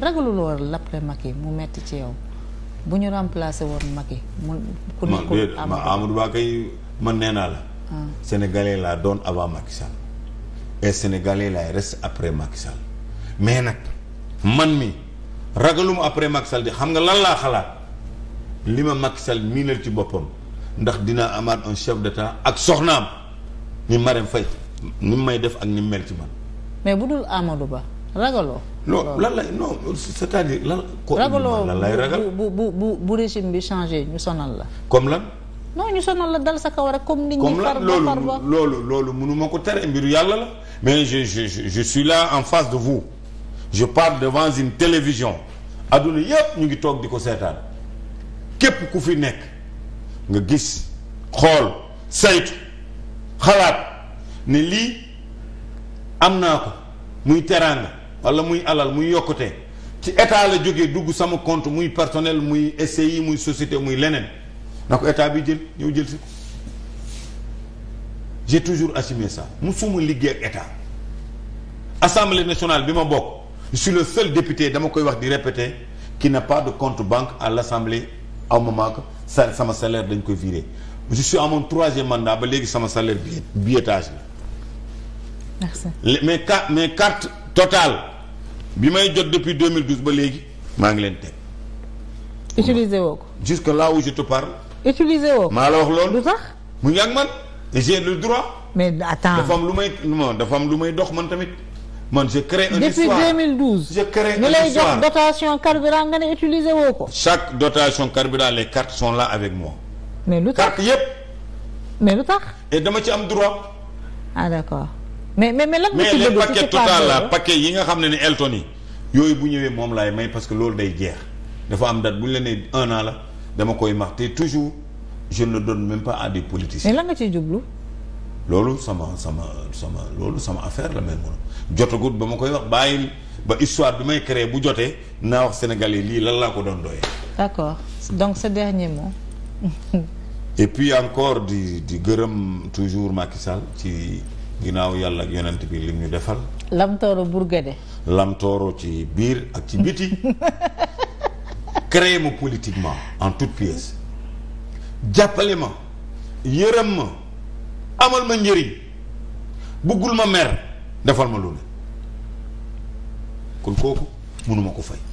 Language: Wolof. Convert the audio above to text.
ragaluloo war l'après Macky mu metti ci yow bu ñu remplacer woon yi mu ku nekkul ma Amadou Ba kay man nee naa la ah. sénégalais laa doon avant Macky Sall et sénégalais laay reste après Macky Sall mais nag man mi ragaluma après Macky Sall di xam nga lan laa xalaat li ma Macky Sall miinal ci boppam ndax dina amaat un chef d'état ak soxnaam ni Marème Faye ni may def ak ni mel ci man mais bu dul Amadou Ba ragaloo. non lan lay non c'est-à-dire lan. ragaloo lan lay ragal bu bu bu bu régime bi changé ñu sonal la. comme lan. non ñu sonal la dal sa kaw rek comme. nit ñi far ba loolu loolu mënu ma ko tere mbiru yàlla la mais je je je suis là en face de vous je parle devant une télévision adduna yëpp ñu ngi toog di ko seetaan képp ku fi nekk nga gis xool saytu xalaat ni lii am naa ko muy teraanga. wala muy alal muy yokkute ci état la jógee dugg sama compte muy personnel muy SCI muy société muy leneen na ko état bi jël ñëw jël si ko j'ai toujours assumé mu musuma liggéey ak état assemblée nationale bi ma bokk je le seul député dama koy wax di répéter qui n'a pas de compte banque à l'assemblée aw ma que sa sama salaire dañ koy virer je suis à mon troisième mandat ba léegi sama salaire bi billetage la merci mais mais carte totale bi may jot depuis 2012 ba léegi maa ngi leen teg. utiliser woo ko. jusque là où je te parle. woo ko maa la wax loolu. lu tax mu ngi ak man j'ai le droit. mais attends dafa am lu may non dafa am lu may dox man tamit man je crée un histoire depuis 2012. je crée un lay nga ne utiliser woo ko. chaque dotation carburant les cartes son là avec moi. mais lu tax carte yëpp. mais lu tax. e dama ci am droit. ah d'accord. mais mais mais lan mais les paquets total la paquet yi nga xam ne ni Elton yi yooyu bu ñëwee moom laay may parce que loolu day jeex dafa am date bu ñu la nee un an la dama koy max te toujours je ne donne même pas à des politiciens. mais lan nga ciy jublu. loolu sama sama sama loolu sama affaire la may mun jotagut ba ma koy wax bàyyi ba histoire bi may créer bu jotee naa wax Sénégalais lii lan laa ko doon doyee. d'accord donc ce dernier mot. et puis encore di di gërëm toujours Macky Sall ci. ginnaaw yàlla ak yonent bi lim ñu defal. Lamtooro Bourgade. Lamtooro ci biir ak ci biti créé ma politiquement en toute pièce jàppale ma yërëm ma amal ma njëriñ bëggul ma mer defal ma lu ne kon kooku mënuma ko fay.